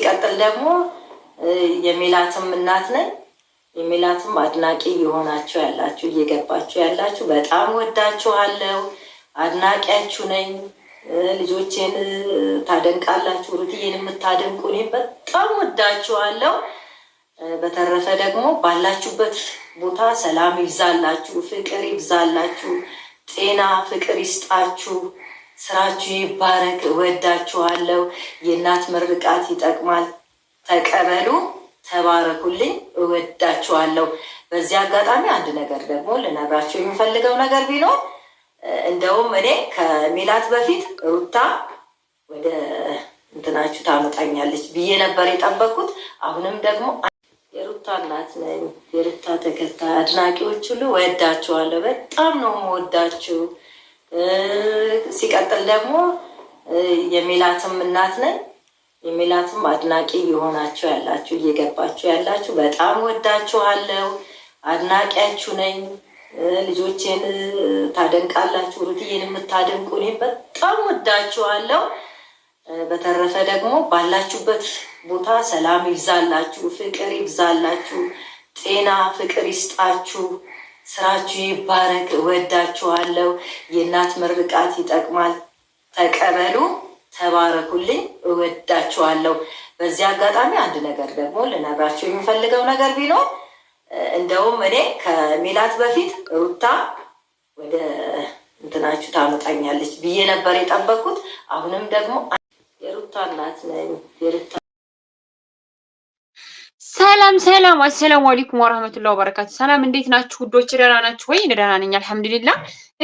ሲቀጥል ደግሞ የሜላትም እናት ነኝ። የሜላትም አድናቂ የሆናችሁ ያላችሁ እየገባችሁ ያላችሁ በጣም ወዳችኋለሁ፣ አድናቂያችሁ ነኝ። ልጆቼን ታደንቃላችሁ፣ ሩትዬን የምታደንቁ እኔ በጣም ወዳችኋለሁ። በተረፈ ደግሞ ባላችሁበት ቦታ ሰላም ይብዛላችሁ፣ ፍቅር ይብዛላችሁ፣ ጤና ፍቅር ይስጣችሁ። ስራችሁ ይባረክ። እወዳችኋለሁ። የእናት ምርቃት ይጠቅማል። ተቀበሉ። ተባረኩልኝ። እወዳችኋለሁ። በዚህ አጋጣሚ አንድ ነገር ደግሞ ልነግራቸው የሚፈልገው ነገር ቢኖር እንደውም እኔ ከሚላት በፊት ሩታ ወደ እንትናችሁ ታመጣኛለች ብዬ ነበር የጠበቅኩት። አሁንም ደግሞ የሩታ እናት ነኝ። የሩታ ተከታይ አድናቂዎች ሁሉ ወዳችኋለሁ። በጣም ነው የምወዳችሁ። ሲቀጥል ደግሞ የሚላትም እናት ነኝ። የሚላትም አድናቂ የሆናችሁ ያላችሁ እየገባችሁ ያላችሁ በጣም ወዳችኋለሁ፣ አድናቂያችሁ ነኝ። ልጆቼን ታደንቃላችሁ፣ ሩትዬን የምታደንቁ እኔም በጣም ወዳችኋለሁ። በተረፈ ደግሞ ባላችሁበት ቦታ ሰላም ይብዛላችሁ፣ ፍቅር ይብዛላችሁ፣ ጤና ፍቅር ይስጣችሁ። ስራችሁ ይባረክ። እወዳችኋለሁ። የእናት ምርቃት ይጠቅማል። ተቀበሉ። ተባረኩልኝ። እወዳችኋለሁ። በዚህ አጋጣሚ አንድ ነገር ደግሞ ልነግራችሁ የሚፈልገው ነገር ቢኖር እንደውም እኔ ከሜላት በፊት ሩታ ወደ እንትናችሁ ታመጣኛለች ብዬ ነበር የጠበቅኩት። አሁንም ደግሞ የሩታ እናት ነኝ የሩታ ሰላም አሰላሙ አለይኩም ወራህመቱላሂ ወበረካቱ። ሰላም እንዴት ናችሁ ውዶች? ደህና ናችሁ ወይ? እኔ ደህና ነኝ አልሐምዱሊላህ።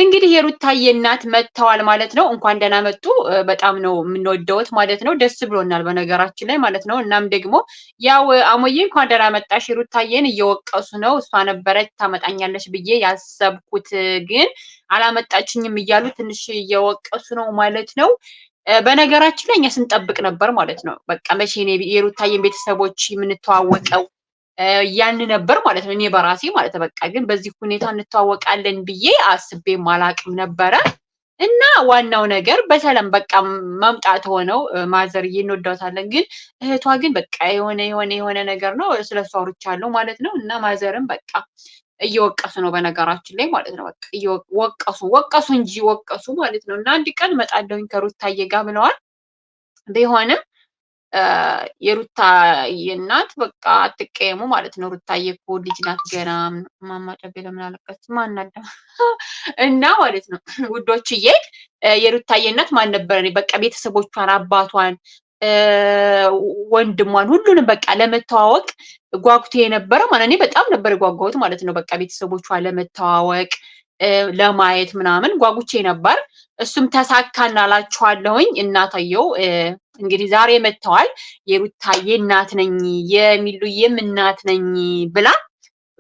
እንግዲህ የሩታዬ እናት መጥተዋል ማለት ነው። እንኳን ደህና መጡ። በጣም ነው የምንወደውት ማለት ነው። ደስ ብሎናል በነገራችን ላይ ማለት ነው። እናም ደግሞ ያው አሞዬ እንኳን ደህና መጣሽ። የሩታዬን እየወቀሱ ነው። እሷ ነበረች ታመጣኛለች ብዬ ያሰብኩት ግን አላመጣችኝም እያሉ ትንሽ እየወቀሱ ነው ማለት ነው። በነገራችን ላይ እኛ ስንጠብቅ ነበር ማለት ነው። በቃ መቼ የሩታዬን ቤተሰቦች የምንተዋወቀው ያን ነበር ማለት ነው። እኔ በራሴ ማለት በቃ ግን በዚህ ሁኔታ እንተዋወቃለን ብዬ አስቤ ማላቅም ነበረ እና ዋናው ነገር በሰላም በቃ መምጣት ሆነው ማዘር እንወዳታለን። ግን እህቷ ግን በቃ የሆነ የሆነ የሆነ ነገር ነው ስለሷ አውርቻለሁ ማለት ነው እና ማዘርም በቃ እየወቀሱ ነው በነገራችን ላይ ማለት ነው። በቃ ወቀሱ ወቀሱ እንጂ ወቀሱ ማለት ነው። እና አንድ ቀን እመጣለሁኝ ከሩታዬ ጋር ብለዋል ቢሆንም የሩታ እናት በቃ አትቀየሙ ማለት ነው። ሩታ የኮ ልጅ ናት ገና። እማማ ጨቤ ለምን አለቀች? ማናደማ እና ማለት ነው ውዶችዬ፣ የሩታ እናት ማን ነበረ? በቃ ቤተሰቦቿን፣ አባቷን፣ ወንድሟን ሁሉንም በቃ ለመተዋወቅ ጓጉቴ የነበረ ማለት እኔ በጣም ነበር ጓጓሁት ማለት ነው። በቃ ቤተሰቦቿን ለመተዋወቅ ለማየት ምናምን ጓጉቼ ነበር። እሱም ተሳካና ላችኋለሁኝ። እናታየው እንግዲህ ዛሬ መጥተዋል። የሩታዬ እናት ነኝ የሚሉዬም እናት ነኝ ብላ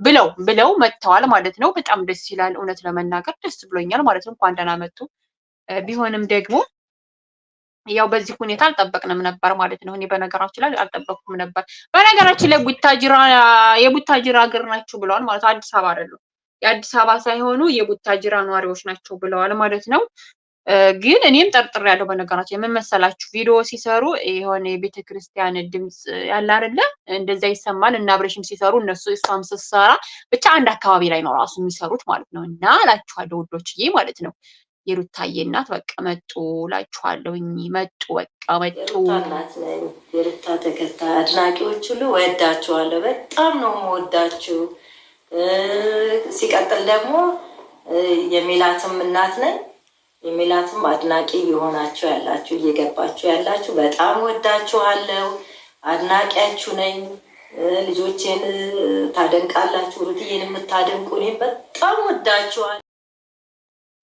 ብለው ብለው መጥተዋል ማለት ነው። በጣም ደስ ይላል። እውነት ለመናገር ደስ ብሎኛል ማለት ነው። እንኳን ደህና መጡ። ቢሆንም ደግሞ ያው በዚህ ሁኔታ አልጠበቅንም ነበር ማለት ነው። እኔ በነገራችን ላይ አልጠበቅኩም ነበር። በነገራችን ላይ ቡታጅራ የቡታጅራ ሀገር ናችሁ ብለዋል ማለት አዲስ አበባ አይደሉም። የአዲስ አበባ ሳይሆኑ የቡታጅራ ነዋሪዎች ናቸው ብለዋል ማለት ነው። ግን እኔም ጠርጥር ያለው በነገራቸው የምመሰላችሁ ቪዲዮ ሲሰሩ የሆነ የቤተ ክርስቲያን ድምፅ ያለ አይደለ እንደዚያ ይሰማል እና አብረሽም ሲሰሩ እነሱ እሷም ስትሰራ ብቻ አንድ አካባቢ ላይ ነው ራሱ የሚሰሩት ማለት ነው። እና እላችኋለሁ ውዶችዬ ማለት ነው የሩታዬ እናት በቃ መጡ እላችኋለሁ። እኚህ መጡ በቃ መጡ። እናት ነኝ የሩታ ተከታይ አድናቂዎች ሁሉ ወዳችኋለሁ። በጣም ነው የምወዳችሁ ሲቀጥል ደግሞ የሚላትም እናት ነኝ። የሚላትም አድናቂ የሆናችሁ ያላችሁ እየገባችሁ ያላችሁ በጣም ወዳችኋለሁ፣ አድናቂያችሁ ነኝ። ልጆቼን ታደንቃላችሁ፣ ሩትዬን የምታደንቁ እኔም በጣም ወዳችኋል።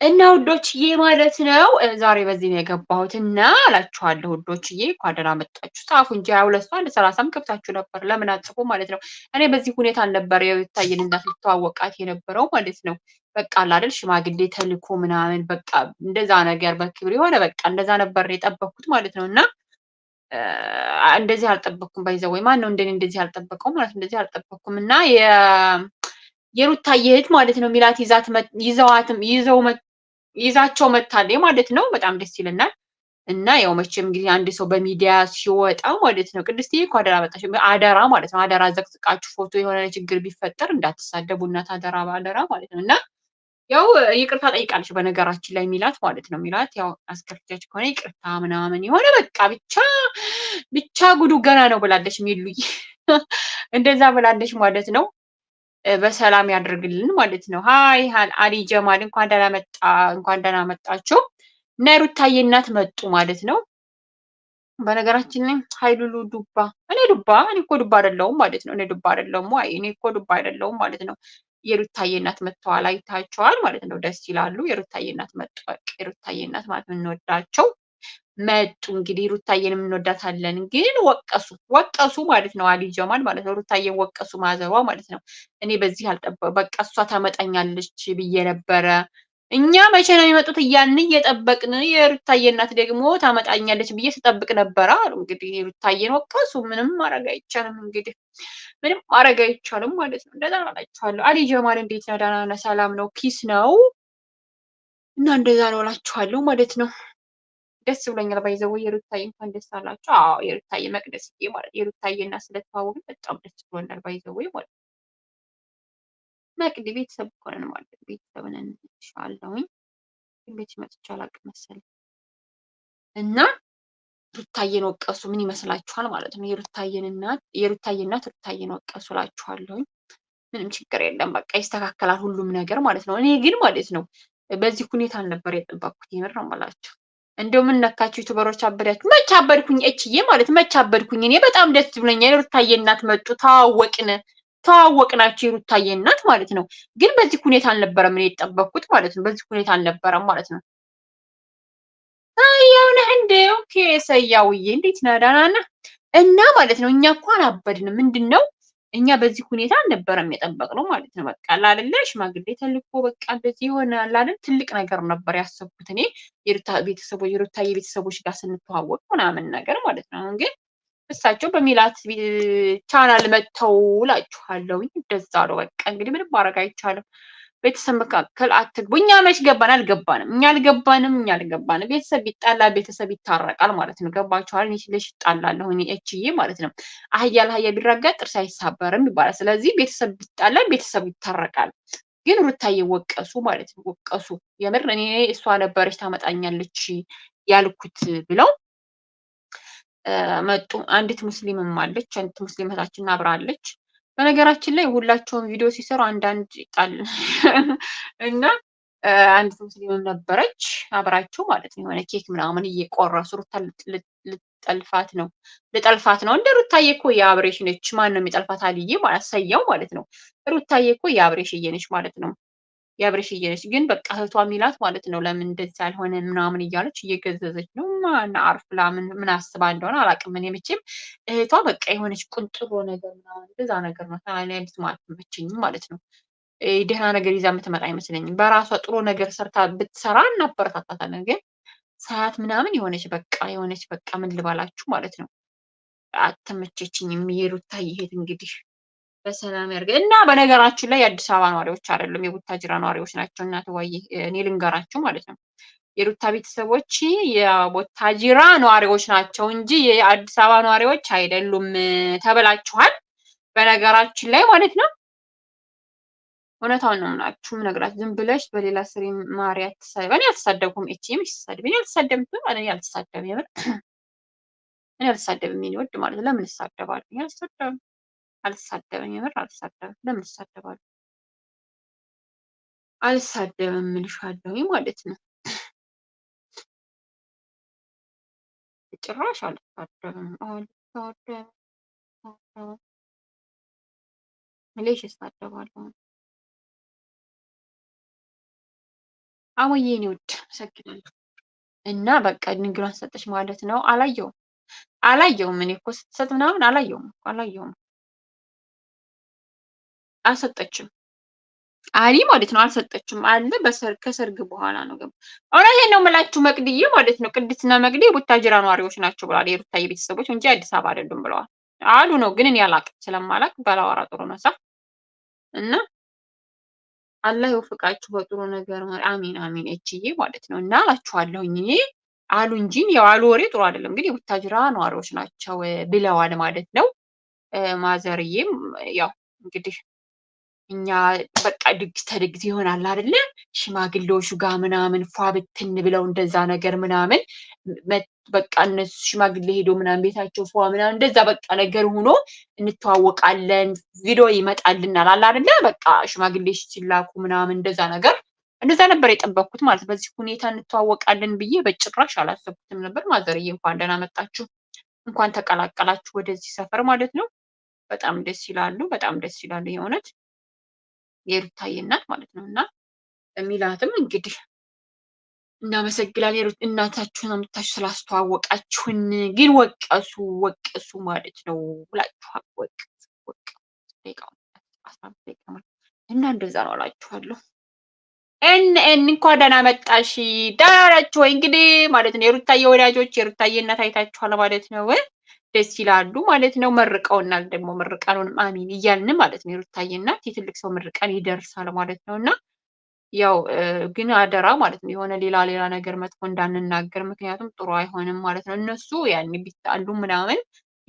እና ውዶችዬ ማለት ነው ዛሬ በዚህ ነው የገባሁት። እና አላችኋለሁ ውዶችዬ እንኳን ደህና መጣችሁ። ጻፉ እንጂ ሀያ ሁለት ሰው አንድ ሰላሳም ከብታችሁ ነበር። ለምን አጽፎ ማለት ነው። እኔ በዚህ ሁኔታ አልነበር የታየን እናት ልተዋወቃት የነበረው ማለት ነው። በቃ አላደል ሽማግሌ ተልኮ ምናምን በቃ እንደዛ ነገር በክብር የሆነ በቃ እንደዛ ነበር የጠበኩት ማለት ነው እና እንደዚህ አልጠበኩም። ባይዘ ወይ ማን ነው እንደ እንደዚህ አልጠበቀው ማለት እንደዚህ አልጠበኩም እና የሩታ እህት ማለት ነው ሚላት ይዛት ይዘዋትም ይዘው ይዛቸው መታለ ማለት ነው። በጣም ደስ ይለናል። እና ያው መቼም እንግዲህ አንድ ሰው በሚዲያ ሲወጣ ማለት ነው ቅድስትዬ እኮ አደራ መጣች አደራ ማለት ነው። አደራ ዘቅዝቃችሁ ፎቶ የሆነ ችግር ቢፈጠር እንዳትሳደቡ እናት፣ አደራ አደራ ማለት ነው። እና ያው ይቅርታ ጠይቃለች በነገራችን ላይ ሚላት ማለት ነው። ሚላት ያው አስከፍቻችሁ ከሆነ ይቅርታ ምናምን የሆነ በቃ ብቻ ብቻ ጉዱ ገና ነው ብላለች። ሚሉይ እንደዛ ብላለች ማለት ነው። በሰላም ያደርግልን ማለት ነው። ሀይ አሊ ጀማል እንኳን ደህና መጣ፣ እንኳን ደህና መጣችሁ። እና ሩታዬ እናት መጡ ማለት ነው። በነገራችን ላይ ሀይሉሉ ዱባ እኔ ዱባ እኔ እኮ ዱባ አይደለሁም ማለት ነው። እኔ ዱባ አይደለሁም ወይ እኔ እኮ ዱባ አይደለሁም ማለት ነው። የሩታዬ እናት መጥተዋል፣ አይታቸዋል ማለት ነው። ደስ ይላሉ። የሩታዬ እናት መጡ። የሩታዬ እናት ማለት የምንወዳቸው መጡ እንግዲህ ሩታዬን እንወዳታለን ግን ወቀሱ ወቀሱ ማለት ነው። አሊ ጀማል ማለት ነው። ሩታዬን ወቀሱ ማዘሯ ማለት ነው። እኔ በዚህ አልጠበ በቃ እሷ ታመጣኛለች ብዬ ነበረ። እኛ መቼ ነው የሚመጡት እያን እየጠበቅን የሩታዬ እናት ደግሞ ታመጣኛለች ብዬ ስጠብቅ ነበረ አሉ። እንግዲህ ሩታዬን ወቀሱ። ምንም ማድረግ አይቻልም። እንግዲህ ምንም ማድረግ አይቻልም ማለት ነው። እንደዛ እላችኋለሁ። አሊ ጀማል እንዴት ነው? ደህና ነው? ሰላም ነው? ኪስ ነው እና እንደዛ ነው እላችኋለሁ ማለት ነው። ደስ ብሎኛል። ባይዘው የሩታዬ እንኳን ደስ አላቸው። አዎ የሩታዬ መቅደስ ማለት የሩታዬ እና ስለተዋወቁ በጣም ደስ ብሎናል። ባይዘው ማለት መቅድ ቤተሰብ እኮ ነን ማለት ቤተሰብ ነን። ይሻለውኝ ቤት መጥቼ አላውቅም መሰለኝ እና ሩታዬን ወቀሱ ምን ይመስላችኋል ማለት ነው። የሩታዬን እናት የሩታዬ እናት ሩታዬን ወቀሱ እላችኋለሁኝ። ምንም ችግር የለም በቃ ይስተካከላል ሁሉም ነገር ማለት ነው። እኔ ግን ማለት ነው በዚህ ሁኔታ አልነበር የጠበቅኩት። የምር ነው የምላቸው እንደው ምን ነካችሁ ዩቱበሮች አበዳችሁ? መች አበድኩኝ? እችዬ ማለት መች አበድኩኝ? እኔ በጣም ደስ ብሎኛል። ሩታዬ እናት መጡ፣ ተዋወቅን ተዋወቅናችሁ የሩታዬ እናት ማለት ነው። ግን በዚህ ሁኔታ አልነበረም እኔ የጠበኩት ማለት ነው። በዚህ ሁኔታ አልነበረም ማለት ነው። ያውነ እንደ ኦኬ ሰያውዬ እንዴት ነህ? ደህና ነህ? እና ማለት ነው እኛ እኮ አላበድንም። ምንድን ነው እኛ በዚህ ሁኔታ አልነበረም የጠበቅነው ማለት ነው። በቃ ላልለ ሽማግሌ ተልኮ በቃ እንደዚህ የሆነ ላልን ትልቅ ነገር ነበር ያሰብኩት እኔ ቤተሰቦች የሩታዬ የቤተሰቦች ጋር ስንተዋወቅ ምናምን ነገር ማለት ነው። አሁን ግን እሳቸው በሚላት ቻናል መጥተው ላችኋለሁ። እንደዛ ነው በቃ እንግዲህ ምንም ማድረግ አይቻልም። ቤተሰብ መካከል አትግቡ። እኛ መች ገባን? አልገባንም። እኛ አልገባንም። እኛ አልገባንም። ቤተሰብ ይጣላ፣ ቤተሰብ ይታረቃል ማለት ነው። ገባችኋል? እኔ ስልሽ ይጣላለሁ እኔ እችዬ ማለት ነው። አህያ ለአህያ ቢረገጥ ጥርስ አይሳበርም ይባላል። ስለዚህ ቤተሰብ ቢጣላ ቤተሰብ ይታረቃል። ግን ሩታዬ ወቀሱ ማለት ነው። ወቀሱ የምር እኔ እሷ ነበረች ታመጣኛለች ያልኩት ብለው መጡ። አንዲት ሙስሊምም አለች። አንዲት ሙስሊም እህታችን አብራለች። በነገራችን ላይ ሁላቸውም ቪዲዮ ሲሰሩ አንዳንድ ይጣል እና አንድ ሙስሊም ነበረች አብራቸው ማለት ነው። የሆነ ኬክ ምናምን እየቆረሱ ሩታ ልጠልፋት ነው ልጠልፋት ነው። እንደ ሩታዬ እኮ የአብሬሽ ነች። ማን ነው የሚጠልፋት? አልዬ ማለት ሰየው ማለት ነው። ሩታዬ እኮ የአብሬሽ እየነች ማለት ነው። የአብሬ ሽያጭ ግን በቃ እህቷ ሚላት ማለት ነው ለምን እንደዚህ ያልሆነ ምናምን እያለች እየገዘዘች ነው ማና አርፍ ላምን ምን አስባ እንደሆነ አላቅም። እኔ መቼም እህቷ በቃ የሆነች ቁንጥሮ ነገር ምናምን እንደዛ ነገር ነው ተናላይ አልተመቸኝም ማለት ማለት ነው። ደህና ነገር ይዛ የምትመጣ አይመስለኝም። በራሷ ጥሩ ነገር ሰርታ ብትሰራ እናበረታታታለን። ግን ሰዓት ምናምን የሆነች በቃ የሆነች በቃ ምን ልባላችሁ ማለት ነው አትመቸችኝም። የሩታ ይሄድ እንግዲህ በሰላም ያርገ እና በነገራችን ላይ የአዲስ አበባ ነዋሪዎች አይደሉም፣ የቡታጅራ ነዋሪዎች ናቸው። እና ተወይ እኔ ልንገራችሁ ማለት ነው የሩታ ቤተሰቦች የቡታጅራ ነዋሪዎች ናቸው እንጂ የአዲስ አበባ ነዋሪዎች አይደሉም። ተበላችኋል። በነገራችን ላይ ማለት ነው እውነታውን ነው የምላችሁ የምነግራችሁ። ዝም ብለሽ በሌላ ስሪ ማሪ አትሳደብ። እኔ አልተሳደብኩም። እቺ የምትሳደብ እኔ አልተሳደብኩም። እኔ አልተሳደብም። የምር እኔ አልተሳደብም። የሚወድ ማለት ለምን እሳደባለሁ? እኔ አልተሳደብም። አልሳደብም፣ የምር አልሳደብም። ለምን እሳደባለሁ? አልሳደብም እልሻለሁ ማለት ነው። ጭራሽ አልሳደበም አልሳደብም ሌሽ እሳደባለሁ። አሞዬ እኔ ውድ እና በቃ ንግሯን ሰጠች ማለት ነው። አላየውም አላየውም እኔ እኮ ስትሰጥ ምናምን አላየውም አላየውም። አልሰጠችም። አሊ ማለት ነው አልሰጠችም። አለ በሰር ከሰርግ በኋላ ነው ገባ። እውነቴን ነው የምላችሁ መቅድዬ ማለት ነው ቅድስና መቅድዬ ቡታጅራ ነዋሪዎች ናቸው ብለዋል። የሩታዬ ቤተሰቦች እንጂ አዲስ አበባ አይደሉም ብለዋል አሉ ነው ግን እኔ አላቅም ስለማላቅ ባላወራ ጥሩ ነው ሳ እና አላህ ይወፍቃችሁ በጥሩ ነገር አሚን አሚን። እችዬ ማለት ነው እና አላችኋለሁኝ እኔ አሉ እንጂ ያው አሉ ወሬ ጥሩ አይደለም ግን የቡታጅራ ነዋሪዎች ናቸው ብለዋል ማለት ነው ማዘርዬም ያው እንግዲህ እኛ በቃ ድግስ ተደግስ ይሆናል አይደለ? ሽማግሌዎቹ ጋር ምናምን ፏ ብትን ብለው እንደዛ ነገር ምናምን በቃ እነሱ ሽማግሌ ሄዶ ምናምን ቤታቸው ፏ ምናምን እንደዛ በቃ ነገር ሆኖ እንተዋወቃለን። ቪዲዮ ይመጣልናል አለ አይደለ? በቃ ሽማግሌ ሲላኩ ምናምን እንደዛ ነገር እንደዛ ነበር የጠበኩት ማለት በዚህ ሁኔታ እንተዋወቃለን ብዬ በጭራሽ አላሰብኩትም ነበር። ማዘርዬ እንኳን ደህና መጣችሁ፣ እንኳን ተቀላቀላችሁ ወደዚህ ሰፈር ማለት ነው። በጣም ደስ ይላሉ፣ በጣም ደስ ይላሉ የእውነት የሩታዬ እናት ማለት ነው እና ሚላትም እንግዲህ እናመሰግናለን እናታችሁን አምጥታችሁ ስላስተዋወቃችሁን። ግን ወቀሱ ወቀሱ ማለት ነው ብላችኋል። ወቀሱ እና እንደዛ ነው እላችኋለሁ። እን እን እንኳ ደህና መጣሽ ደህና ናችሁ ወይ እንግዲህ ማለት ነው የሩታዬ ወዳጆች፣ የሩታዬ እናት አይታችኋል ማለት ነው። ደስ ይላሉ ማለት ነው። መርቀውናል ደግሞ መርቀኑን አሚን እያልን ማለት ነው። የሩታዬ የትልቅ ሰው ምርቃን ይደርሳል ማለት ነው እና ያው ግን አደራ ማለት ነው የሆነ ሌላ ሌላ ነገር መጥፎ እንዳንናገር፣ ምክንያቱም ጥሩ አይሆንም ማለት ነው። እነሱ ያን ቢጣሉ ምናምን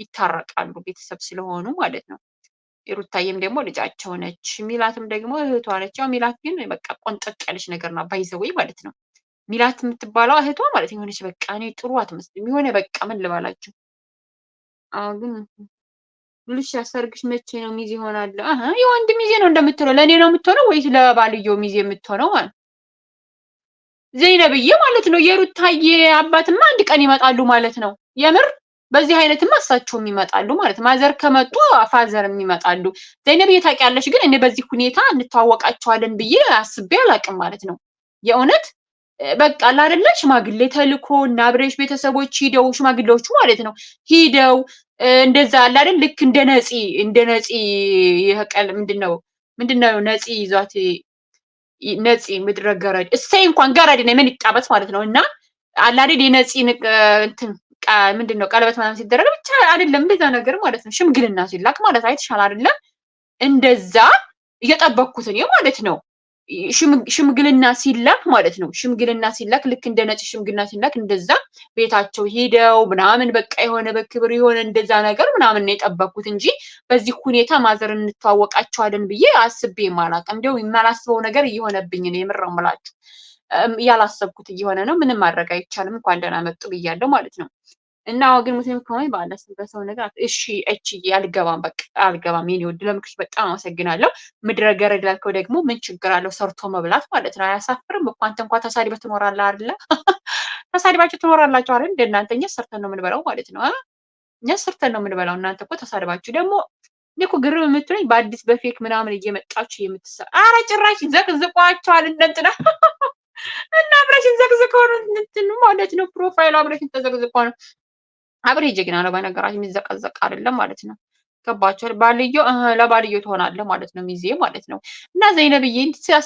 ይታረቃሉ ቤተሰብ ስለሆኑ ማለት ነው። የሩታዬም ደግሞ ልጃቸው ነች፣ ሚላትም ደግሞ እህቷ ነች። ያው ሚላት ግን በቃ ቆንጠጥ ያለች ነገር ና ባይዘወይ ማለት ነው። ሚላት የምትባለው እህቷ ማለት የሆነች በቃ እኔ ጥሩ አትመስልም። የሆነ በቃ ምን ልባላችሁ ግን ብሉሽ ሲያሰርግሽ መቼ ነው ሚዜ ይሆናል? የወንድ ሚዜ ነው እንደምትለው ለእኔ ነው የምትሆነው ወይስ ለባልየው ሚዜ የምትሆነው ማለት ዘይነብዬ ማለት ነው። የሩታዬ አባትማ አንድ ቀን ይመጣሉ ማለት ነው። የምር በዚህ አይነትማ እሳቸውም ይመጣሉ ማለት ነው። ማዘር ከመጡ ፋዘርም ይመጣሉ። ዘይነብዬ ታውቂያለሽ፣ ግን እኔ በዚህ ሁኔታ እንተዋወቃቸዋለን ብዬ አስቤ አላውቅም ማለት ነው። የእውነት በቃ አላደለ ሽማግሌ ተልኮ እና አብሬሽ ቤተሰቦች ሂደው ሽማግሌዎቹ ማለት ነው ሂደው እንደዛ አለ አይደል? ልክ እንደ ነፂ እንደ ነፂ ይቀል ምንድን ነው ምንድን ነው ነፂ ይዟት ነፂ ምድረ ገረድ እሰይ እንኳን ገረድ ነው ምን ይጣበት ማለት ነው። እና አለ አይደል የነፂ እንትን ምንድን ነው ቀለበት ምናምን ሲደረግ ብቻ አይደለም እንደዛ ነገር ማለት ነው። ሽምግልና ሲላክ ማለት አይተሻል አይደለም? እንደዛ እየጠበኩት እኔ ማለት ነው። ሽምግልና ሲላክ ማለት ነው። ሽምግልና ሲላክ ልክ እንደ ነጭ ሽምግልና ሲላክ እንደዛ ቤታቸው ሄደው ምናምን በቃ የሆነ በክብር የሆነ እንደዛ ነገር ምናምን ነው የጠበኩት እንጂ በዚህ ሁኔታ ማዘር እንተዋወቃቸዋለን ብዬ አስቤ ማላቅ እንዲያው የማላስበው ነገር እየሆነብኝ ነው። የምር እምላችሁ ያላሰብኩት እየሆነ ነው። ምንም ማድረግ አይቻልም። እንኳን ደህና መጡ ብያለሁ ማለት ነው። እና ግን ሙስሊም ከሆነ በአላህ ስም በሰው ነገር እሺ እቺ አልገባም፣ በቃ አልገባም። የኔ ውድ ለምክሽ በጣም አመሰግናለሁ። ምድረ ገረድ ላልከው ደግሞ ምን ችግር አለው? ሰርቶ መብላት ማለት ነው። አያሳፍርም እኮ አንተ እንኳ ተሳድበህ ትኖራለህ አይደለ? ተሳድባችሁ ትኖራላችሁ አይደል? እናንተ እኛ ሰርተን ነው የምንበላው ማለት ነው። እኛ ሰርተን ነው የምንበላው። እናንተ እኮ ተሳድባችሁ ደግሞ እኔ እኮ ግርም የምትለኝ በአዲስ በፌክ ምናምን እየመጣችሁ የምትሰ አረ ጭራሽ ዘቅዝቋቸዋል እነ እንትና እና አብረሽን ዘቅዝቀው ነው ማለት ነው። ፕሮፋይሉ አብረሽን ተዘቅዝቆ ነው አብሬ ጀግና ነው በነገራችን የሚዘቀዘቅ አይደለም ማለት ነው። ገባቸው ባልዮ ለባልዮ ትሆናለህ ማለት ነው። ሚዜ ማለት ነው። እና ዘይነብዬ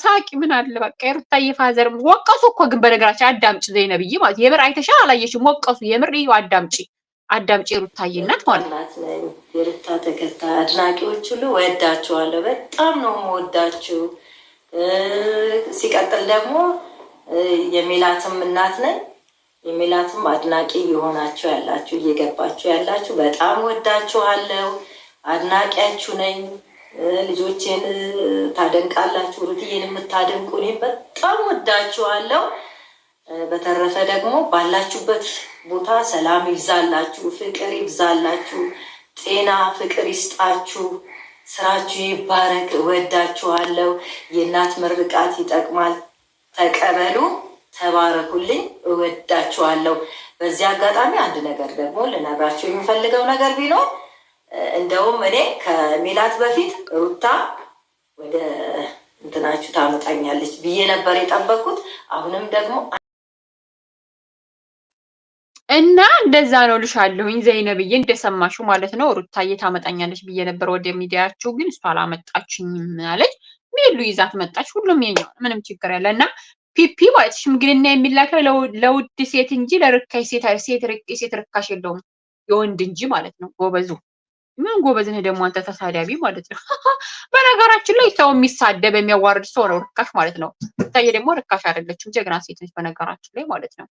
ሳቂ ምን አለ በቃ የሩታዬ ፋዘርም ወቀሱ እኮ ግን በነገራችን አዳምጪ ዘይነብዬ ማለት የምር አይተሻል አላየሽም? ወቀሱ የምር ይኸው አዳምጪ አዳምጪ የሩታዬ እናት ማለት ነው። የሩታ ተከታ አድናቂዎች ሁሉ ወዳችኋለሁ። በጣም ነው የምወዳችሁ። ሲቀጥል ደግሞ የሚላትም እናት ነኝ የሚላትም አድናቂ የሆናችሁ ያላችሁ እየገባችሁ ያላችሁ በጣም ወዳችኋለሁ፣ አድናቂያችሁ ነኝ። ልጆቼን ታደንቃላችሁ፣ ሩትዬን የምታደንቁ እኔም በጣም ወዳችኋለሁ። በተረፈ ደግሞ ባላችሁበት ቦታ ሰላም ይብዛላችሁ፣ ፍቅር ይብዛላችሁ፣ ጤና ፍቅር ይስጣችሁ፣ ስራችሁ ይባረክ። እወዳችኋለሁ። የእናት ምርቃት ይጠቅማል፣ ተቀበሉ። ተባረኩልኝ፣ እወዳችኋለሁ። በዚህ አጋጣሚ አንድ ነገር ደግሞ ልነግራቸው የሚፈልገው ነገር ቢኖር እንደውም እኔ ከሚላት በፊት ሩታ ወደ እንትናችሁ ታመጣኛለች ብዬ ነበር የጠበቅኩት። አሁንም ደግሞ እና እንደዛ ነው ልሻለሁኝ ዘይነብዬ እንደሰማሽው ማለት ነው። ሩታዬ ታመጣኛለች ብዬ ነበር ወደ ሚዲያችሁ፣ ግን እሷ አላመጣችኝም አለች። ሚሉ ይዛት መጣች። ሁሉም የኛው ምንም ችግር ያለ እና ፒፒ ማለት ሽምግልና የሚላከው ለውድ ሴት እንጂ ለርካሽ ሴት ሴት ርካሽ የለውም፣ የወንድ እንጂ ማለት ነው። ጎበዙ ምን ጎበዝ ደግሞ አንተ ተሳዳቢ ማለት ነው። በነገራችን ላይ ሰው የሚሳደብ የሚያዋርድ ሰው ነው ርካሽ ማለት ነው። ታየ ደግሞ ርካሽ አይደለችም፣ ጀግና ሴት ነች። በነገራችን ላይ ማለት ነው።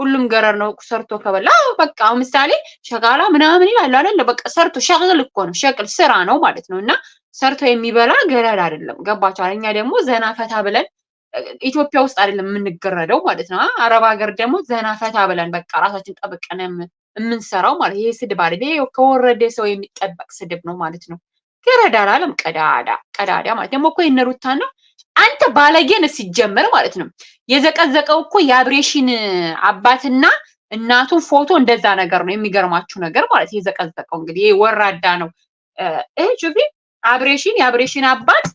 ሁሉም ገረር ነው ሰርቶ ከበላ በቃ ምሳሌ ሸቃላ ምናምን ይላል አይደለ? በቃ ሰርቶ ሸቅል እኮ ነው ሸቅል ስራ ነው ማለት ነው። እና ሰርቶ የሚበላ ገረር አይደለም። ገባችኋል? እኛ ደግሞ ዘና ፈታ ብለን ኢትዮጵያ ውስጥ አይደለም የምንገረደው ማለት ነው። አረብ ሀገር ደግሞ ዘና ፈታ ብለን በቃ ራሳችን ጠብቀን የምንሰራው ማለት ይሄ ስድብ አይደል? ይሄ ከወረደ ሰው የሚጠበቅ ስድብ ነው ማለት ነው። ገረዳ አላለም ቀዳዳ ቀዳዳ ማለት ደግሞ እኮ የነሩታ ነው። አንተ ባለጌን ሲጀመር ማለት ነው የዘቀዘቀው እኮ የአብሬሽን አባትና እናቱን ፎቶ እንደዛ ነገር ነው። የሚገርማችሁ ነገር ማለት የዘቀዘቀው እንግዲህ ወራዳ ነው። ይሄ ጁቢ አብሬሽን የአብሬሽን አባት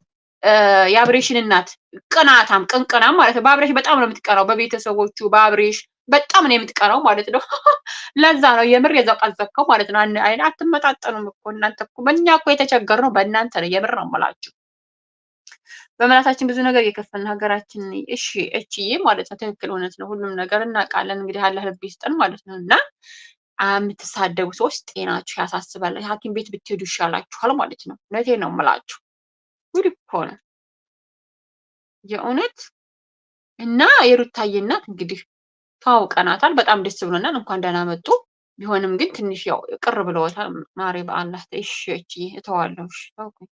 የአብሬሽን እናት ቅናታም ቅንቅናም ማለት ነው። በአብሬሽ በጣም ነው የምትቀናው፣ በቤተሰቦቹ በአብሬሽ በጣም ነው የምትቀናው ማለት ነው። ለዛ ነው የምር የዛው ቀዘከው ማለት ነው። አይን አትመጣጠኑም እኮ እናንተ እኮ በእኛ እኮ የተቸገር ነው በእናንተ ነው። የምር ነው የምላችሁ። በእምነታችን ብዙ ነገር የከፈልን ሀገራችን እሺ እችዬ ማለት ነው። ትክክል እውነት ነው። ሁሉም ነገር እናውቃለን። እንግዲህ አላህ ልብ ይስጠን ማለት ነው እና የምትሳደቡ ሰዎች ጤናችሁ ያሳስባል። ሐኪም ቤት ብትሄዱ ይሻላችኋል ማለት ነው። እውነቴን ነው የምላችሁ። ጉድ እኮ ነው የእውነት። እና የሩታዬ እናት እንግዲህ ተዋውቀናታል። በጣም ደስ ብሎናል። እንኳን ደህና መጡ። ቢሆንም ግን ትንሽ ያው ቅር ብለውታል። ማሬ በአላህ እሺ፣ እቺ እተዋለሁ። እሺ ተውኩኝ።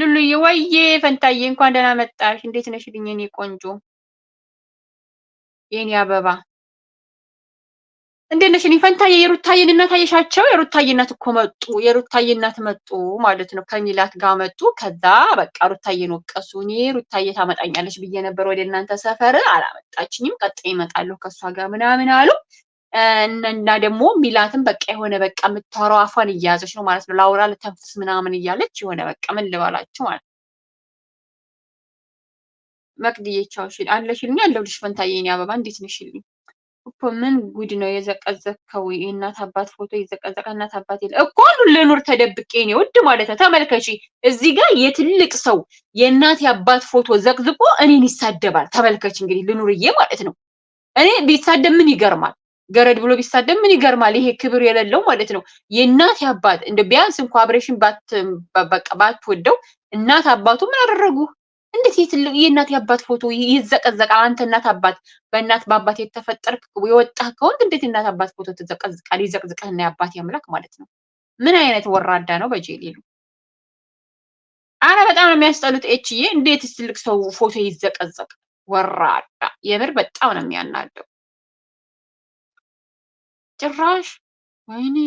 ሉሉዬ ወይዬ ፈንታዬ እንኳን ደህና መጣሽ። እንዴት ነሽ ልኝ የኔ ቆንጆ የኔ አበባ እንዴት ነሽ? እኔ ፈንታዬ የሩታዬን እናት አየሻቸው? የሩታዬ እናት እኮ መጡ፣ የሩታዬ እናት መጡ ማለት ነው። ከሚላት ጋር መጡ። ከዛ በቃ ሩታዬን ወቀሱ። እኔ ሩታዬ ታመጣኛለች ብዬ ነበር ወደ እናንተ ሰፈር፣ አላመጣችኝም። ቀጣይ ይመጣለሁ ከእሷ ጋር ምናምን አሉ። እና ደግሞ ሚላትም በቃ የሆነ በቃ የምታወራው አፏን እያያዘች ነው ማለት ነው። ላውራ ልተንፍስ ምናምን እያለች የሆነ በቃ ምን ልበላችሁ ማለት ነው። መቅድዬ ቻውሽል አለሽልኝ አለሁልሽ ፈንታዬ፣ እኔ አበባ እንዴት ነሽልኝ? እኮ ምን ጉድ ነው የዘቀዘቅከው? የእናት አባት ፎቶ የዘቀዘቀ እናት አባት የለ እኮ አሉ ልኑር ተደብቄ ነው ውድ ማለት ነው። ተመልከቺ እዚህ ጋር የትልቅ ሰው የእናት አባት ፎቶ ዘቅዝቆ እኔን ይሳደባል። ተመልከች እንግዲህ ልኑርዬ ማለት ነው። እኔ ቢሳደብ ምን ይገርማል? ገረድ ብሎ ቢሳደብ ምን ይገርማል? ይሄ ክብር የሌለው ማለት ነው። የእናት አባት እንደ ቢያንስ እንኳ አብሬሽን ባትወደው እናት አባቱ ምን አደረጉ? እንዴት የእናት የአባት ፎቶ ይዘቀዘቃል? አንተ እናት አባት በእናት በአባት የተፈጠርክ የወጣህ ከወንድ እንዴት እናት አባት ፎቶ ትዘቀዝቃል? እና የአባት ያምላክ ማለት ነው። ምን አይነት ወራዳ ነው በጄሌ ነው። አረ በጣም ነው የሚያስጠሉት። ኤችዬ እንዴት ትልቅ ሰው ፎቶ ይዘቀዘቅ? ወራዳ የምር በጣም ነው የሚያናደው ጭራሽ ወይኔ